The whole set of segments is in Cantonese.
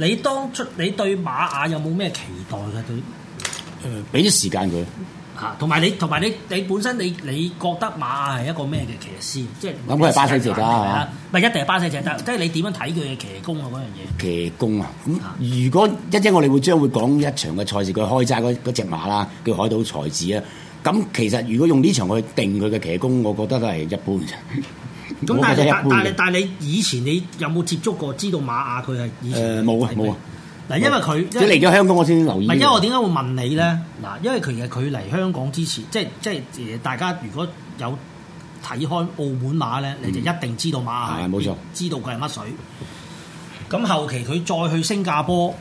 你當初你對馬雅有冇咩期待嘅？佢誒，俾、呃、啲時間佢嚇，同埋你，同埋你，你本身你，你覺得馬雅係一個咩嘅騎師？即係咁，佢係巴西籍㗎，係咪啊？唔一定係巴西籍㗎，即係你點樣睇佢嘅騎功啊？嗰樣嘢騎功啊？咁如果一陣我哋會將會講一場嘅賽事，佢開齋嗰嗰隻馬啦，叫海島才子啊。咁其實如果用呢場去定佢嘅騎功，我覺得都係一般啫 。咁但係但係但係你，你以前你有冇接觸過知道馬雅佢係以前？誒冇啊冇啊！嗱，是是的因為佢即係嚟咗香港，我先留意、這個。唔係因為我點解會問你咧？嗱、嗯，因為其實佢嚟香港之前，即係即係誒，大家如果有睇開澳門馬咧，嗯、你就一定知道馬雅。係冇、嗯、錯，知道佢係乜水。咁後期佢再去新加坡，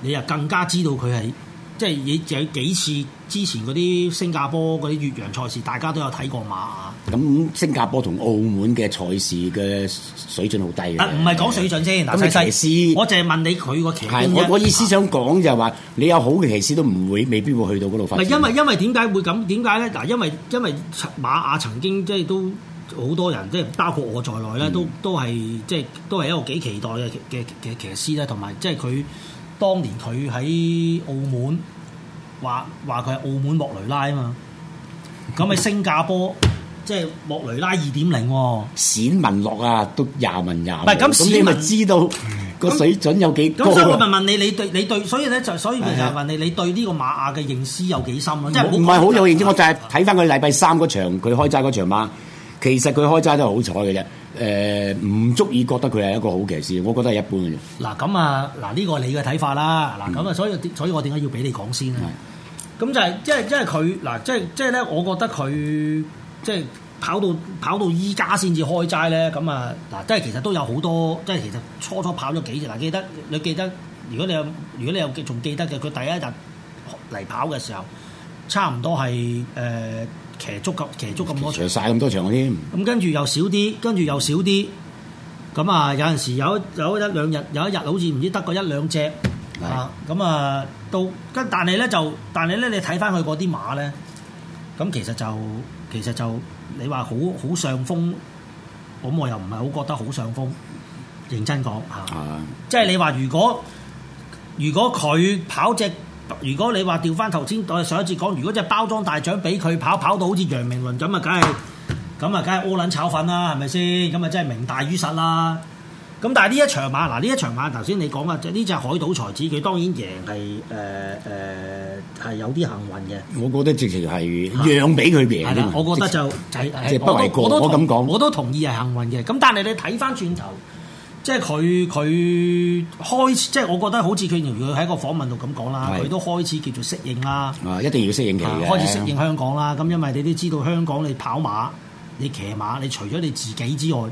你又更加知道佢係。即係有有幾次之前嗰啲新加坡嗰啲越洋賽事，大家都有睇過馬亞。咁新加坡同澳門嘅賽事嘅水準好低啊！唔係講水準先，嗱，西西騎師，我就係問你佢個騎師。我我意思想講就係、是、話，你有好嘅騎師都唔會，未必會去到嗰度。唔係，因為因為點解會咁？點解咧？嗱，因為,為,為,因,為因為馬亞曾經即係都好多人，即係包括我在內咧，都、嗯、都係即係都係一個幾期待嘅嘅嘅騎師咧，同埋即係佢。當年佢喺澳門，話話佢係澳門莫雷拉啊嘛，咁喺新加坡即係、就是、莫雷拉二點零，閃文樂啊，都廿文廿，唔係咁，咁、嗯、你咪知道個水準有幾高？咁、嗯嗯、所以我問問你，你對，你對，所以咧就，所以咪就問你， 你對呢個馬亞嘅認知有幾深咧？即係唔係好有認知，就是、我就係睇翻佢禮拜三嗰場，佢開齋嗰場嘛。其實佢開齋都係好彩嘅啫，誒、呃、唔足以覺得佢係一個好騎師。我覺得係一般嘅啫。嗱咁啊，嗱呢個你嘅睇法啦，嗱咁啊，所以所以我點解要俾你講先咧？咁是就係、是，即係即係佢嗱，即係即係咧，就是、我覺得佢即係跑到跑到依家先至開齋咧，咁啊嗱，即係其實都有好多，即、就、係、是、其實初初跑咗幾次，嗱記得你記得，如果你有如果你有仲記得嘅，佢第一日嚟跑嘅時候，差唔多係誒，呃騎足咁，騎足咁多場，晒咁多場添。咁跟住又少啲，跟住又少啲。咁啊，有陣時有有一，有一兩日，有一日好似唔知得過一兩隻啊。咁是的 啊，到跟但係咧就，但係咧你睇翻佢嗰啲馬咧，咁其實就其實就你話好好上風，咁我又唔係好覺得好上風。認真講嚇，啊、是的 即係你話如果如果佢跑隻。如果你話調翻頭先，我哋上一節講，如果只包裝大獎俾佢跑，跑到好似楊明倫咁啊，咁啊，咁啊，梗係屙撚炒粉啦，係咪先？咁啊，真係名大於實啦。咁但係呢一場馬，嗱呢一場馬，頭先你講啊，呢隻海島才子，佢當然贏係誒誒係有啲幸運嘅。我覺得直情係讓俾佢贏。我覺得就係即係不為過，我咁講，我都同，我我都同意係幸運嘅。咁但係你睇翻轉頭。即係佢佢開始，即係我覺得好似佢，如果喺一個訪問度咁講啦，佢的都開始叫做適應啦。啊，一定要適應期嘅。開始適應香港啦，咁因為你都知道香港你跑馬，你騎馬，你除咗你自己之外，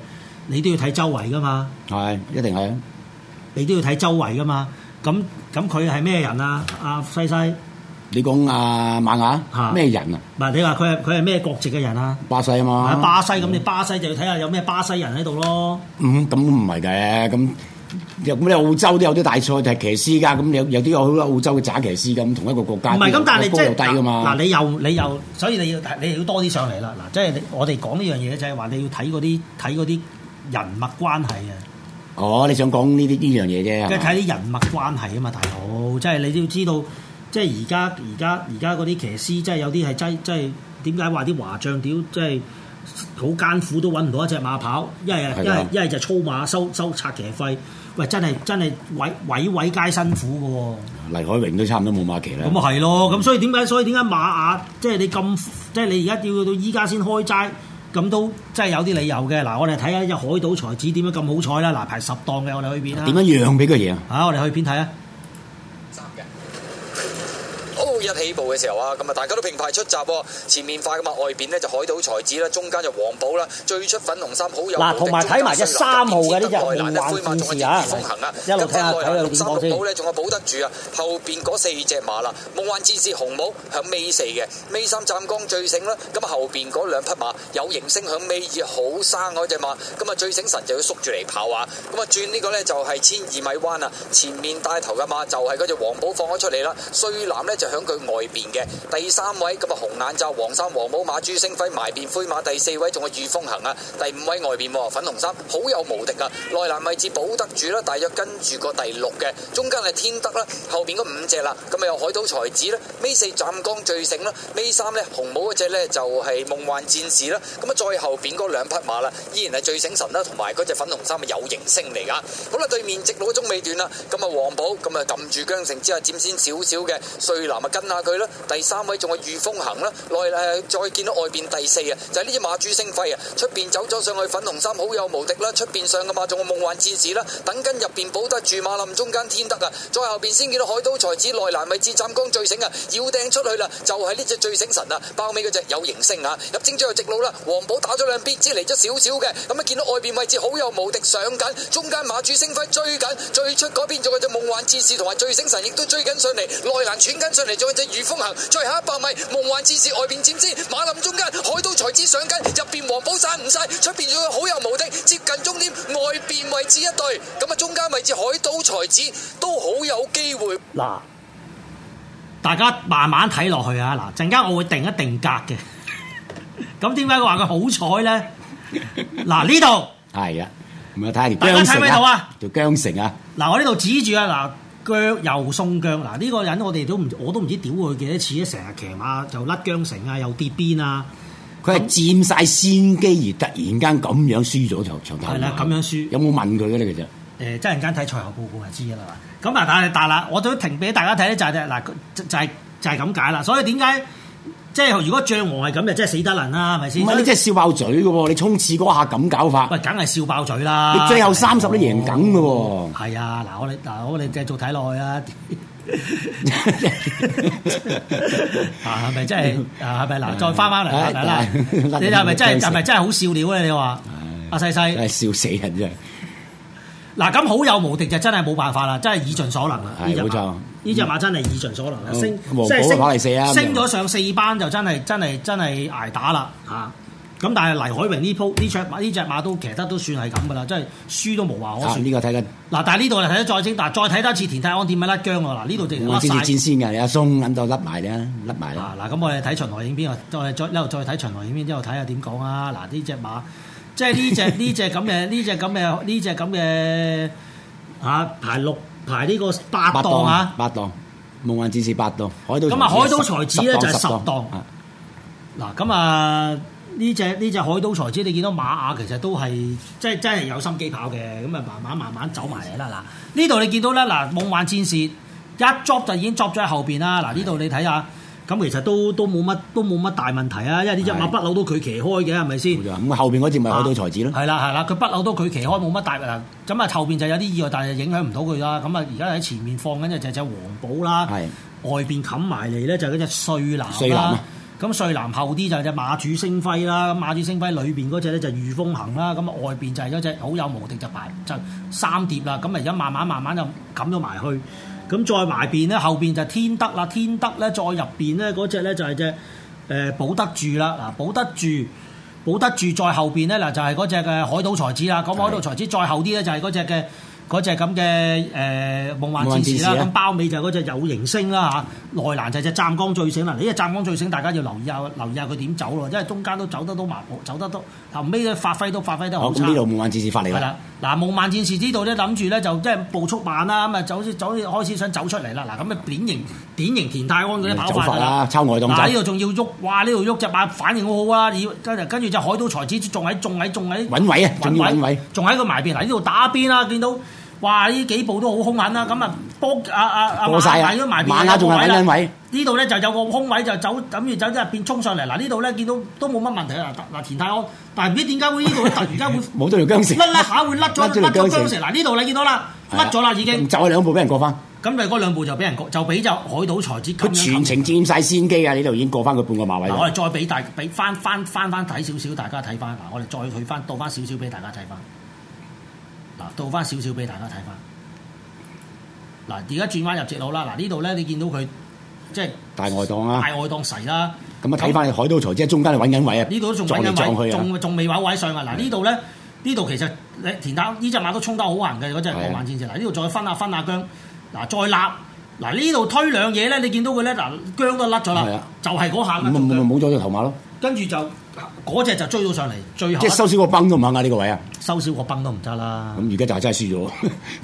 你都要睇周圍噶嘛。係，一定係。你都要睇周圍噶嘛？咁咁佢係咩人啊？阿、啊、西西。你講阿、啊、馬雅咩人啊？唔係你話佢係佢係咩國籍嘅人啊？巴西啊嘛，巴西咁你、嗯、巴西就要睇下有咩巴西人喺度咯。嗯，咁唔係嘅，咁咁你澳洲都有啲大賽、就係、騎騎師㗎，咁有有啲有澳洲嘅假騎師咁，同一個國家唔係咁，但係你即係嗱，你又你又，所以你要、就係、你要多啲上嚟啦。嗱，即係我哋講呢樣嘢就係話你要睇嗰啲睇啲人物關係嘅。哦，你想講呢啲呢樣嘢啫，即係睇啲人物關係啊嘛，大佬，即、哦、係、就係、你都要知道。即係而家而家而家嗰啲騎師，即係有啲係真係即係點解話啲華將屌，即係好艱苦都揾唔到一隻馬跑，一係一係一係就操馬收收拆騎費，喂，真係真係偉偉偉皆辛苦嘅喎、啊。黎海榮都差唔多冇馬騎啦。咁啊係咯，咁所以點解所以點解馬啊？即係你咁，即係你而家要到依家先開齋，咁都真係有啲理由嘅。嗱，我哋睇下隻海島才子點樣咁好彩啦！嗱，排十檔嘅，我哋去邊啊？點樣讓俾佢嘢啊？啊，我哋去邊睇啊？一起步嘅時候啊，咁啊，大家都平排出閘，哦，前面快噶嘛，外邊呢就海島才子啦，中間就黃寶啦，最出粉紅衫好有，有。嗱，同埋睇埋一三號嘅呢隻耐難，灰馬仲係一字風行啊，一路聽下睇下點樣先。外面六三六寶呢仲係保得住啊，後邊嗰四隻馬啦，夢幻戰士紅帽響尾四嘅尾三湛江最醒啦，咁啊後邊嗰兩匹馬有形聲響尾二好生嗰隻馬，咁啊最醒神就要縮住嚟跑啊，咁啊轉呢個呢，就係千二米彎啊，前面帶頭嘅馬就係嗰隻黃寶放咗出嚟啦，瑞南呢，就響，是。外邊嘅第三位，咁啊，紅眼罩黃衫黃帽馬朱星輝，埋邊灰馬第四位仲係御風行啊，第五位外邊粉紅衫好有無敵啊。內欄位置保得住啦，大約跟住個第六嘅中間係天德啦，後邊嗰五隻啦，咁啊有海島才子啦，尾四湛江最醒啦，尾三呢，紅帽嗰隻呢，就係夢幻戰士啦，咁啊再後邊嗰兩匹馬啦，依然係最醒神啦，同埋嗰隻粉紅衫嘅有形星嚟噶，好啦，對面直路都仲未斷啦，咁啊黃寶咁啊撳住姜城，之後佔先少少嘅瑞南啊跟。下佢啦，第三位仲係御風行啦，內誒、呃、再見到外邊第四啊，就係呢隻馬主星輝啊，出邊走咗上去粉紅衫好有無敵啦，出邊上嘅馬仲有夢幻戰士啦，等緊入邊保得住馬林中間天德啊，再後邊先見到海都才子，內欄位置湛江醉醒啊，要掟出去啦，就係呢隻醉醒神啊，包尾嗰隻有形星啊，入清章又直路啦，黃寶打咗兩邊，隻嚟咗少少嘅。咁啊見到外邊位置好有無敵上緊，中間馬主星輝追緊，最出嗰邊仲有隻夢幻戰士同埋醉醒神亦都追緊上嚟，內欄喘緊上嚟就如風行，再行一百米，夢幻戰士外邊佔先，馬林中間，海島才子上緊，入邊黃寶山唔晒，出邊仲有好有無敵，接近終點，外邊位置一對，咁啊中間位置海島才子都好有機會。嗱，大家慢慢睇落去啊，嗱陣間我會定一定格嘅，咁點解我話佢好彩咧？嗱呢度係啊，唔係睇住。大家睇唔睇到啊？叫姜城啊！嗱，我呢度指住啊嗱。腳又送腳，嗱、這、呢個人我哋都唔，我都唔知屌佢幾多次，成日騎馬就甩韁城啊，又跌邊啊，佢係佔晒先機而突然間咁樣輸咗就長係啦，咁樣輸有冇問佢嘅咧？其實誒，即係間睇賽後報告就知啦嘛。咁啊，但係大係，我都停俾大家睇咧就係、是、咧，嗱就是、就係就係咁解啦。所以點解？即係如果象王係咁，就真係死得人啦，係咪先？唔係你真係笑爆嘴嘅喎！你沖刺嗰下咁搞法，咪梗係笑爆嘴啦！你最後三十都贏緊嘅喎，係啊！嗱，我哋嗱，我哋繼續睇落去啊！啊，係咪真係？啊，係咪嗱？再翻翻嚟，嚟啦！你係咪真係？係咪真係好笑料咧？你話阿西西，笑死人真係！嗱，咁好有無敵就真係冇辦法啦，真係以盡所能啦，係冇錯。呢隻馬真係以盡所能啦，罵升樣升升咗上四班就真係真係真係挨打啦嚇！咁、啊、但係黎海榮呢鋪呢馬隻馬都其實都算係咁噶啦，真係輸都冇話可説。呢、啊這個睇緊嗱，但係呢度我睇得再精，但係再睇多次田泰安點樣甩姜喎嗱？呢度直頭我見戰先嘅阿松揾到甩埋咧，甩埋嗱，咁、啊啊、我哋睇循環影片看看啊，再再之後再睇循環影片之後睇下點講啊！嗱，呢、啊、隻馬即係呢隻呢隻咁嘅呢隻咁嘅呢隻咁嘅嚇排六。 排呢個八檔啊，八檔《夢幻戰士》八檔，海都咁啊，海都才子咧就係十檔。嗱檔，咁啊呢隻呢隻海都才子，啊、你見到馬亞其實都係即係真係有心機跑嘅，咁啊慢慢慢慢走埋嚟啦嗱。呢、啊、度你見到咧嗱，啊《夢幻戰士》一捉就已經捉咗喺後邊啦。嗱呢度你睇下。咁其實都都冇乜都冇乜大問題啊，因為呢隻馬不嬲都佢騎開嘅，係咪先？咁後邊嗰隻咪海島才子咯。係啦係啦，佢不嬲都佢騎開，冇乜大啊。咁啊後邊就有啲意外，但係影響唔到佢啦。咁啊而家喺前面放緊就隻隻黃寶啦，係外邊冚埋嚟咧就嗰隻瑞藍啦。咁瑞藍，啊、藍後啲就係隻馬主星輝啦。咁馬主星輝裏邊嗰隻咧就御風行啦。咁外邊就係嗰隻好有無敵就排、是、就三碟啦。咁而家慢慢慢慢就冚咗埋去。咁再埋邊咧，後邊就天德啦，天德咧再入邊咧嗰隻咧就係隻誒保得住啦，嗱保得住，保得住再後邊咧嗱就係嗰隻嘅海島才子啦，咁的海島才子再後啲咧就係嗰隻嘅。嗰隻咁嘅誒夢幻戰士啦，咁包尾就係嗰隻有形星啦嚇，內欄就係隻湛江最醒啦。咦？湛江最醒大家要留意下，留意下佢點走咯，因為中間都走得多麻，走得多後尾嘅發揮都發揮得好差。咁呢度夢幻戰士發嚟㗎。係啦，嗱夢幻戰士呢度咧諗住咧就即係步速慢啦，咁啊走走先開始想走出嚟啦。嗱咁啊典型典型田泰安嗰啲跑法嚟啦，抽外棟走。呢度仲要喐，哇呢度喐隻馬反應好好啊！跟住跟隻海盜才子仲喺仲喺仲喺。穩位啊！仲要穩位，仲喺個埋邊嚟呢度打邊啊！見到。哇！呢幾步都好兇狠啦，咁啊幫啊啊啊晒，尾都埋，馬亞仲係空位。呢度咧就有個空位，就走，咁然之後變衝上嚟。嗱，呢度咧見到都冇乜問題啊。嗱嗱田泰安，但係唔知點解會呢度突然間會冇咗 條韁，甩一下會甩咗甩咗條韁。嗱呢度你見到啦，甩咗啦已經。就係兩步俾人過翻。咁咪嗰兩步就俾人過，就俾就海島才子佢全程佔晒先機啊！呢度已經過翻佢半個馬位。嗱、啊，我哋再俾大俾翻翻翻翻睇少少，大家睇翻。嗱，我哋再退翻倒翻少少俾大家睇翻。嗱，倒翻少少俾大家睇翻。嗱，而家轉翻入直路啦。嗱，呢度咧你見到佢即係大外檔啦，啊，大外檔勢啦。咁啊，睇翻海多才，即係中間揾緊位啊。呢度仲揾緊位，仲未揾位上啊。嗱，呢度咧，呢度其實田打呢隻馬都衝得好行嘅嗰隻浪漫戰士。嗱對，呢度再分下分下姜。嗱，再立。嗱，呢度推兩嘢咧，你見對、啊、到佢咧嗱，姜都甩咗啦，就係嗰下。冇咗隻頭馬咯。跟住就。嗰隻就追到上嚟，最後即係收少個崩都唔肯啊！呢個位啊，收少個崩都唔得啦。咁而家就係真係輸咗。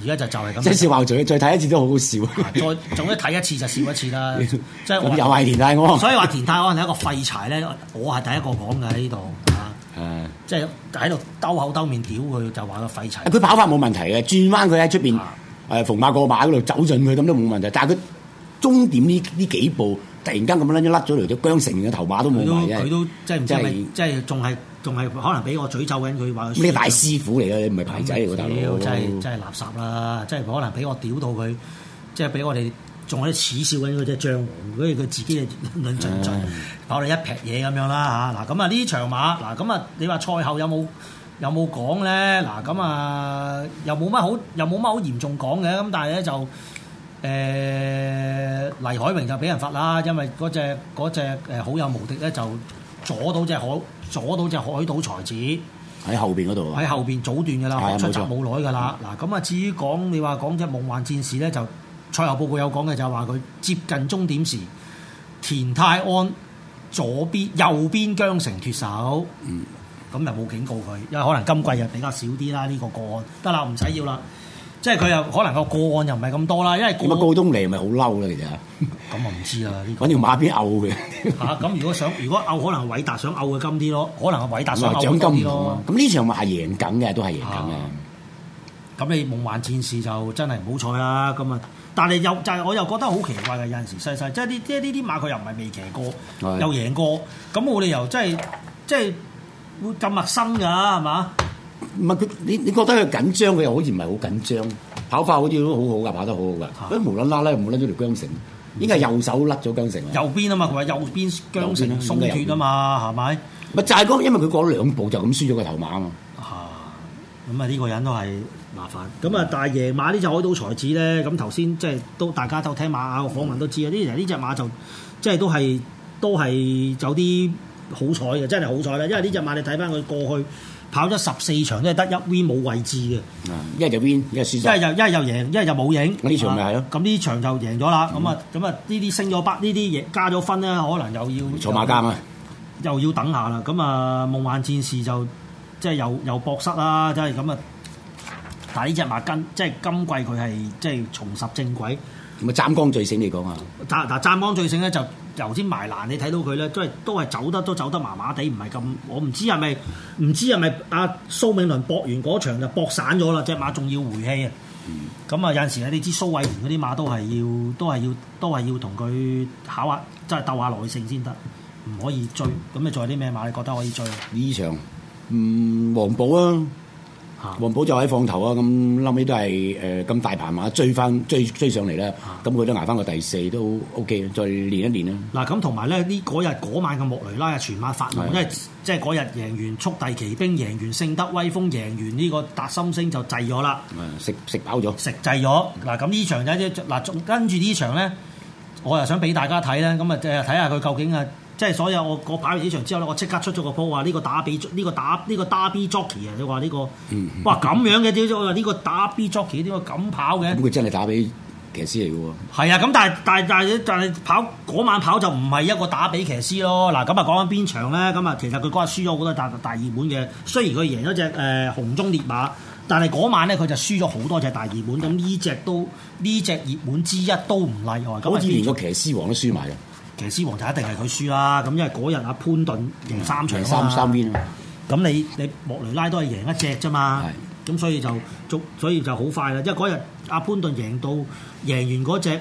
而家就就係咁。即係笑話，嘴，再睇一次都好好笑。再總之睇一次就笑一次啦。即係又係田泰安。所以話田泰安係一個廢柴咧，我係第一個講嘅喺呢度。係即係喺度兜口兜面屌佢，就話佢廢柴。佢跑法冇問題嘅，轉彎佢喺出邊誒逢馬過馬嗰度走進去咁都冇問題。但係佢終點呢呢幾步。突然間咁撚樣甩咗嚟，條姜成嘅頭馬都冇埋，真佢都、就是、是是即係唔知係咪即係仲係仲係可能俾我嘴咒緊佢話。咩大師傅嚟嘅唔係牌仔啊！屌、這個，真係真係垃圾啦！真係可能俾我屌到佢，即係俾我哋仲喺度恥笑緊嗰隻蟑螂，所以佢自己論論盡盡搞到一撇嘢咁樣啦嚇嗱咁啊！呢場馬嗱咁啊，你話賽後有冇有冇講咧嗱咁啊？又冇乜好又冇乜好嚴重講嘅咁，但係咧就。誒、呃、黎海榮就俾人罰啦，因為嗰隻嗰隻誒好有無敵咧就阻到隻海阻到隻海島才子喺後邊度，喺後邊阻斷嘅啦，的出閘冇耐嘅啦。嗱咁啊，至於講你話講隻夢幻戰士咧，就賽後報告有講嘅就係話佢接近終點時，田泰安左邊右邊韁繩脫手，咁又冇警告佢，因為可能今季又比較少啲啦呢個個案，得啦，唔使要啦。即係佢又可能個個案又唔係咁多啦，因為咁啊，高東尼咪好嬲啦。其實咁我唔知啊，搵條馬鞭毆嘅。吓。咁如果想如果毆可能偉達想毆嘅金啲咯，可能阿偉達想毆佢金啲咯。啊，咁呢場咪係贏緊嘅，都係贏緊嘅。咁啊，你夢幻戰士就真係唔好彩啦。咁啊，但係又就係我又覺得好奇怪嘅，有陣時西西即係呢，即係呢啲馬佢又唔係未騎過，的又贏過，咁我哋又即係即係會咁陌生噶，係嘛？唔係佢，你你覺得佢緊張，佢又好似唔係好緊張。跑法好似都好好噶，跑得好好噶。佢的無啦啦咧，冇甩咗條韁繩，應該係右手甩咗韁繩。右邊啊嘛，佢話右邊韁繩鬆脫啊嘛，係咪？咪就係嗰，因為佢過咗兩步就咁輸咗個頭馬啊嘛。嚇！咁啊，呢個人都係麻煩。咁啊，大爺馬呢隻海島才子咧，咁頭先即係都大家都聽馬雅個訪問都知啊。呢人呢隻馬就即係、就係、都係都係走啲好彩嘅，真係好彩啦。因為呢隻馬你睇翻佢過去。跑咗十四場都係得一 V 冇位置嘅，一係就 win，一係輸，一係又一係又贏，一係就冇影。呢場咪係咯？咁呢場就贏咗啦。咁啊、嗯，咁啊，呢啲升咗分，呢啲加咗分咧，可能又要坐馬監啊！又要等下啦。咁啊，夢幻戰士就即係又又搏失啦，即係咁啊。但係呢隻馬筋，即係今季佢係即係重拾正軌，啊、嗯，湛江最醒嚟講啊！斬嗱湛江最醒咧就。頭先埋欄你睇到佢咧，都係都係走得都走得麻麻地，唔係咁。我唔知係咪，唔知係咪阿蘇美麟搏完嗰場就搏散咗啦，隻馬仲要回氣啊！咁啊、嗯嗯，有陣時咧，你知蘇偉賢嗰啲馬都係要，都係要，都係要同佢考下，即係鬥下耐性先得，唔可以追。咁你仲有啲咩馬你覺得可以追？呢場，嗯，黃寶啊。黃寶就喺放頭啊，咁後屘都係誒咁大盤馬追翻追追上嚟啦，咁佢、嗯、都捱翻個第四都 OK，再練一練啦。嗱，咁同埋咧，呢嗰日嗰晚嘅莫雷拉全馬發夢，即係即係嗰日贏完速遞奇兵，贏完聖德威風，贏完呢個達心星就滯咗啦。食食飽咗，食滯咗。嗱，咁呢場仔即係嗱，跟住呢場咧，我又想俾大家睇咧，咁啊睇下佢究竟啊～即係所有我嗰擺完呢場之後咧，我即刻出咗個波話呢個打比呢、這個打呢、這個打 B Jockey 啊！你話呢個 哇咁樣嘅招呢個打 B Jockey 點解咁跑嘅？咁佢真係打比騎師嚟嘅喎。係啊，咁但係但係但係跑嗰晚跑就唔係一個打比騎師咯。嗱，咁啊講緊邊場咧？咁啊其實佢嗰日輸咗好多大熱大熱門嘅。雖然佢贏咗隻誒紅中烈馬，但係嗰晚咧佢就輸咗好多隻大熱門。咁呢隻都呢隻熱門之一都唔例外。好似連個騎師王都輸埋啊！嗯其實獅王就一定係佢輸啦，咁因為嗰日阿潘頓贏三場贏三三 w i 咁你你莫雷拉都係贏一隻啫嘛，咁的所以就足，所以就好快啦。因為嗰日阿潘頓贏到贏完嗰隻誒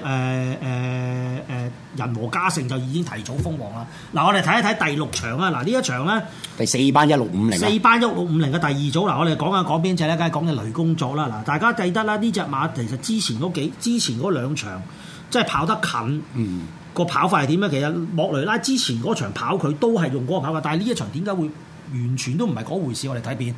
誒誒人和嘉誠就已經提早封王啦。嗱，我哋睇一睇第六場啊，嗱呢一場咧，第四班一六五零，四班一六五零嘅第二組嗱，我哋講下講邊隻咧？梗係講嘅雷工作啦。嗱，大家記得啦，呢隻馬其實之前嗰幾之前嗰兩場。即係跑得近，個、嗯、跑法係點咧？其實莫雷拉之前嗰場跑佢都係用嗰個跑法，但係呢一場點解會完全都唔係嗰回事？我哋睇邊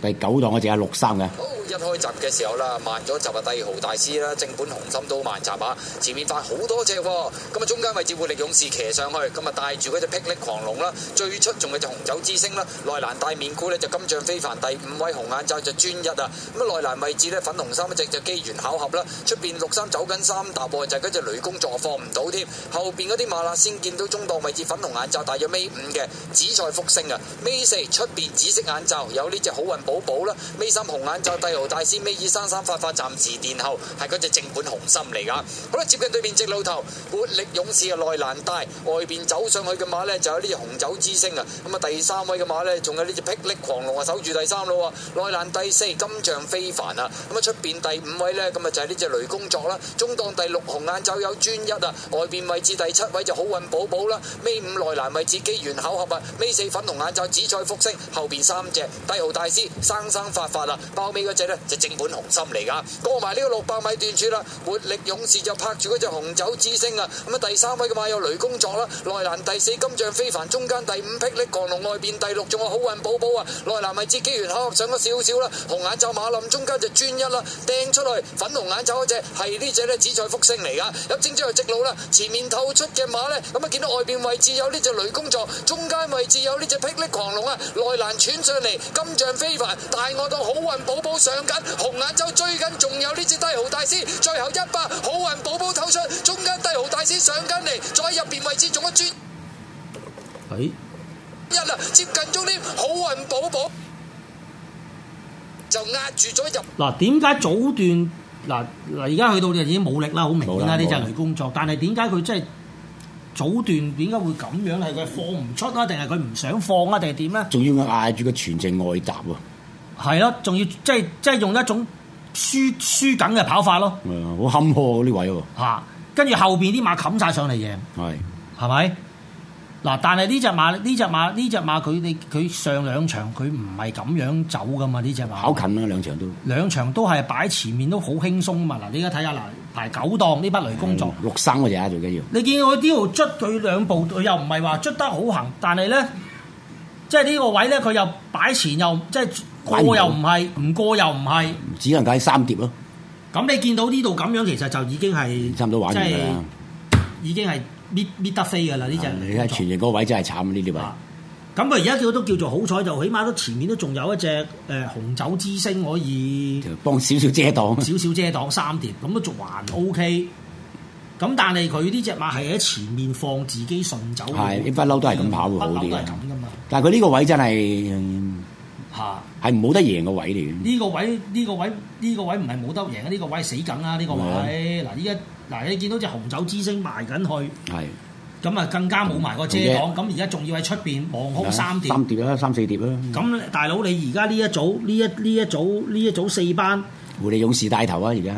第九檔，我淨係六三嘅。一開閘嘅時候啦，慢咗閘啊！帝豪大師啦，正本紅心都慢閘啊！前面快好多隻，咁啊中間位置活力勇士騎上去，咁啊帶住嗰隻霹靂狂龍啦，最出眾嘅就紅酒之星啦，內欄大面箍呢就金像非凡，第五位紅眼罩就專一啊！咁啊內欄位置呢，粉紅衫隻就機緣巧合啦，出邊六三走緊三，大部分就係嗰隻雷公坐放唔到添，後邊嗰啲麻辣先見到中檔位置粉紅眼罩，大約尾五嘅，紫菜福星啊，尾四出邊紫色眼罩有呢隻好運寶寶啦，尾三紅眼罩第。帝豪大師尾二生生發發暫時殿後，係嗰隻正本雄心嚟㗎。好啦，接近對面直路頭，活力勇士啊，內蘭大外邊走上去嘅馬呢，就有呢隻紅酒之星啊。咁啊，第三位嘅馬呢，仲有呢隻霹靂狂龍啊，守住第三路啊。內蘭第四金象非凡啊。咁啊，出邊第五位呢，咁啊就係呢隻雷工作啦。中檔第六紅眼罩有專一啊。外邊位置第七位就好運寶寶啦。尾五內蘭位置機緣巧合啊。尾四粉紅眼罩紫菜福星，後邊三隻帝豪大師生生發發啊。包尾咧就正本紅心嚟噶，過埋呢個六百米段處啦，活力勇士就拍住嗰隻紅酒之星啊！咁啊第三位嘅馬有雷公座啦，內欄第四金像非凡，中間第五霹靂狂龍，外邊第六仲有好運寶寶啊！內欄位置機緣康上咗少少啦，紅眼罩馬林，中間就專一啦，掟出去粉紅眼罩嗰隻係呢隻咧紫菜福星嚟噶，入正正有正主係直路啦，前面透出嘅馬呢，咁啊見到外邊位置有呢隻雷公座，中間位置有呢隻霹靂狂龍啊，內欄喘上嚟金象非凡，大外到好運寶寶上。上緊紅眼洲，最近仲有呢隻低豪大師，最後一把好運寶寶透出，中間低豪大師上緊嚟，再入邊位置仲一轉。哎，一啊接近中啲好運寶寶就壓住咗入。嗱，點解早段嗱嗱而家去到就已經冇力啦，好明顯啦，呢隻輪工作。但係點解佢真係早段點解會咁樣？係佢放唔出啊，定係佢唔想放啊，定係點咧？仲要佢壓住個全程外搭喎。係咯，仲要即係即係用一種輸輸緊嘅跑法咯。好坎坷呢位喎。跟住、啊、後邊啲馬冚晒上嚟嘅，係，係咪？嗱，但係呢隻馬呢隻馬呢隻馬佢你佢上兩場佢唔係咁樣走噶嘛呢隻馬。好近啊兩場都。兩場都係擺前面都好輕鬆嘛，嗱，你而家睇下嗱，排九檔呢筆雷工作。六三嗰隻吖，最緊要。你見我呢度捽佢兩步，佢又唔係話捽得好行，但係咧。即係呢個位咧，佢又擺前又即係過又唔係，唔過又唔係，只能解三碟咯。咁你見到呢度咁樣，其實就已經係差唔多玩完啦，已經係搣搣得飛嘅啦。呢隻你睇全場嗰位真係慘啊！呢啲位。咁佢而家叫都叫做好彩，就起碼都前面都仲有一隻誒、呃、紅酒之星可以幫少少遮擋，少少遮擋三碟，咁都仲還 OK。咁但係佢呢隻馬係喺前面放自己順走，係，你不嬲都係咁跑嘅，不嬲咁噶嘛。但係佢呢個位真係嚇，係冇得贏嘅位嚟。呢個位，呢個位，呢個位唔係冇得贏啊！呢個位死梗啊！呢個位，嗱，依家嗱，你見到隻紅酒之星埋緊去，係，咁啊更加冇埋個遮擋，咁而家仲要喺出邊望空三,三碟。三碟啦，三四碟啦。咁大佬，你而家呢一組呢一呢一組呢一組四班狐狸勇士帶頭啊！而家。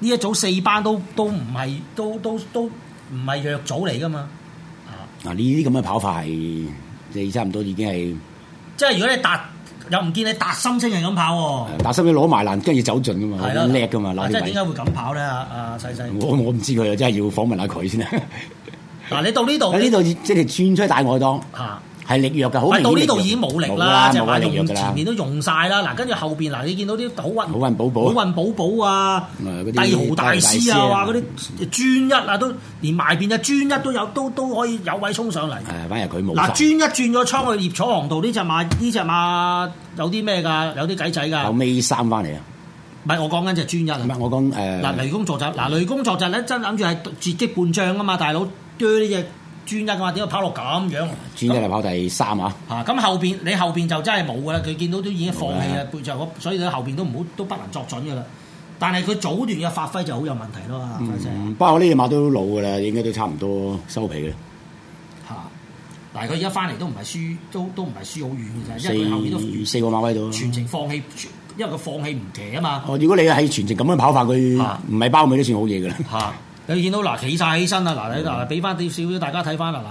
呢一組四班都都唔係都都都唔係弱組嚟噶嘛？啊！嗱，呢啲咁嘅跑法係即係差唔多已經係，即係如果你達又唔見你達心清人咁跑喎，啊，達心清攞埋欄跟住走盡噶嘛，咁叻噶嘛，嗱，即係點解會咁跑咧？阿阿西西，我我唔知佢啊，真係要訪問下佢先啊。嗱， 你到呢度，喺呢度即係轉出大外檔。啊係力弱嘅，好到呢度已經冇力啦，力即係話用前面都用晒啦。嗱，跟住後邊嗱，你見到啲好運，好運寶寶，好運寶寶啊，嗰啲帝豪大師啊，嗰啲專一啊，都連埋邊嘅專一都有，都都可以有位衝上嚟。誒，反而佢冇。嗱，專一轉咗倉去葉楚航度呢隻馬，呢隻馬有啲咩㗎？有啲計仔㗎。後尾三翻嚟啊！唔係我講緊隻專一啊！我講誒嗱，雷公坐駛嗱，雷公坐駛咧真諗住係截擊半將啊嘛，大佬鋸呢隻。專一嘅話？點解跑落咁樣？專一嚟跑第三啊！嚇咁、啊、後邊，你後邊就真係冇噶啦。佢見到都已經放棄啦，背著我，所以佢後邊都唔好，都不能作準噶啦。但係佢早段嘅發揮就好有問題咯。嗯，的嗯，包括我呢隻馬都老噶啦，應該都差唔多收皮啦。嚇、啊！但係佢而家翻嚟都唔係輸，都都唔係輸好遠嘅啫。因為後面都四個馬位到，全程放棄，因為佢放棄唔騎啊嘛。哦，如果你係全程咁樣跑法，佢唔係包尾都算好嘢噶啦。嚇、啊！你見到嗱企晒起身啦，嗱喺嗱俾翻啲少少大家睇翻啦，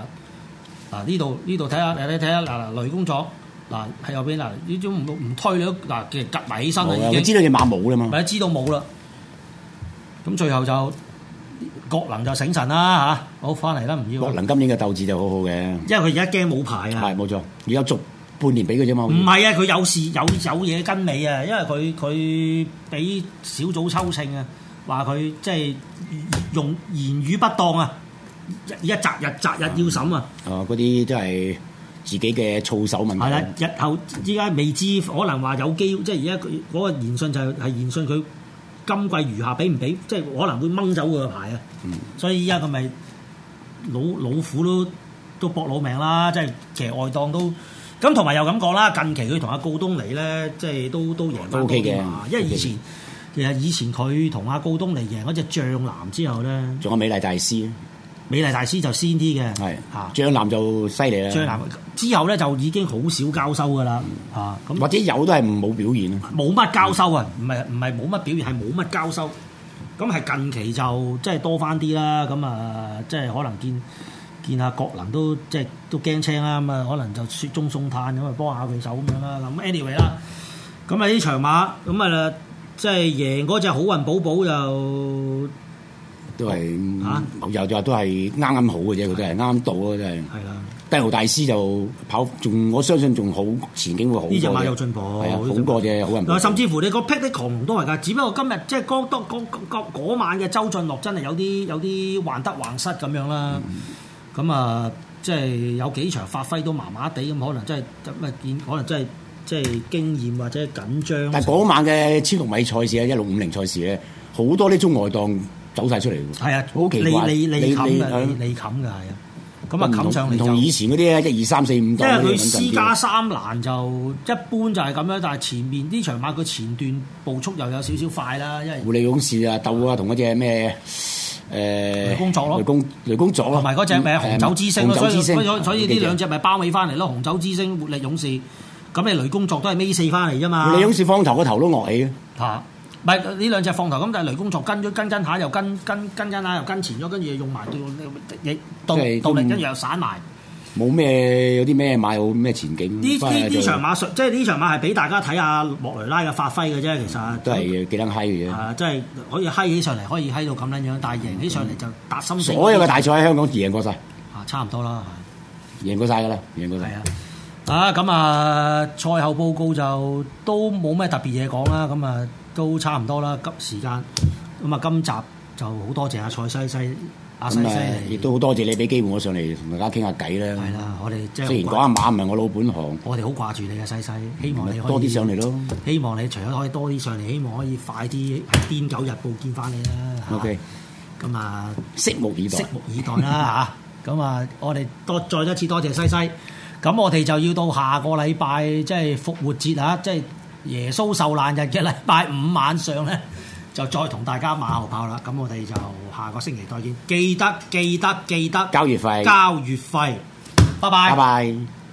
嗱，嗱呢度呢度睇下，你睇下嗱，嗱雷工作嗱，喺右邊，嗱呢種唔推咗，嗱其實夾埋起身啦，你知道隻馬冇啦嘛？咪知道冇啦？咁最後就國能就醒神啦嚇，好翻嚟啦唔要。國能今年嘅鬥志就好好嘅，因為佢而家驚冇牌啊，係冇錯，而家續半年俾佢啫嘛。唔係啊，佢有事有有嘢跟你啊，因為佢佢俾小組抽秤啊。話佢即係用言語不當啊！一一擇日擇日要審啊！嗯、哦，嗰啲都係自己嘅操守問題。係啦，日後依家未知，可能話有機，即係而家嗰個研訊就係、是、研訊，佢今季餘下俾唔俾，即係可能會掹走佢嘅牌啊！嗯、所以依家佢咪老老虎都都搏老命啦，即係騎外檔都咁，同埋又咁講啦，近期佢同阿告東尼咧，即係都都贏翻多啲啊！Okay okay. 因為以前。.其實以前佢同阿高東嚟贏嗰隻象南之後咧，仲有美麗大師，美麗大師就先啲嘅，係啊，象南就犀利啦。象南之後咧就已經好少交收噶啦，嗯、啊咁或者有都係冇表現咯，冇乜交收啊，唔係唔係冇乜表現，係冇乜交收。咁係近期就即係多翻啲啦，咁啊即係可能見見下國能都即係都驚青啦，咁啊可能就雪中送炭咁啊幫下佢手咁樣啦。咁 anyway 啦，咁啊呢場馬咁啊。即係贏嗰隻好運寶寶又都係是嚇，又就、啊、都係啱啱好嘅啫，佢哋係啱到咯，真係。係啦的，帝豪大師就跑，仲我相信仲好前景會好，呢隻馬有進步，好過啫，好運寶、寶。甚至乎你個匹敵狂龍都係㗎，只不過今日即係嗰多嗰晚嘅周俊樂真係有啲有啲患得患失咁樣啦。咁啊、嗯，即係有幾場發揮都麻麻地咁，可能真係可能真係。即係經驗或者緊張。但係嗰晚嘅千六米賽事咧，一六五零賽事咧，好多啲中外檔走晒出嚟。係啊，好你你你冚嘅，你冚嘅係啊。咁啊，冚上嚟同，同以前嗰啲啊，一二三四五。即係佢私家三欄就一般就係咁樣，但係前面啲場馬佢前段步速又有少少快啦。因為活力勇士啊，鬥啊，同嗰隻咩誒雷公撞咯，雷公雷公撞咯，同埋嗰隻咪紅酒之星咯，所以所以呢兩隻咪包尾翻嚟咯，紅酒之星、活力勇士。咁你雷工作都係孭四翻嚟啫嘛？你好似放頭個頭都落嚟嘅。嚇、啊，唔係呢兩隻放頭，咁但係雷工作跟咗跟跟下又跟跟跟跟下又跟前咗，跟住用埋啲力，跟住即係又散埋。冇咩有啲咩買好咩前景？呢呢呢場馬術即係呢場馬係俾大家睇下莫雷拉嘅發揮嘅啫，其實都係幾撚閪嘅。係即係可以閪起上嚟，可以閪到咁撚樣，但係贏起上嚟就達心死。所有嘅大賽喺香港贏過晒，過過過啊，差唔多啦，贏過晒㗎啦，贏過曬。啊，咁啊，賽後報告就都冇咩特別嘢講啦，咁啊都差唔多啦，急時間，咁啊今集就好多謝阿蔡西西，阿西西嚟亦都好多謝你俾機會我上嚟同大家傾下偈啦。係啦，我哋即係雖然講阿馬唔係我老本行，我哋好掛住你啊，西西，希望你可以多啲上嚟咯。希望你除咗可以多啲上嚟，希望可以快啲《癲狗日報》見翻你啦。OK，咁啊，拭目以拭目以待啦嚇。咁啊，我哋多再一次多謝西西。咁我哋就要到下個禮拜，即係復活節吓，即係耶穌受難日嘅禮拜五晚上咧，就再同大家馬後炮啦。咁我哋就下個星期再見，記得記得記得交月費，交月費，拜拜。拜拜。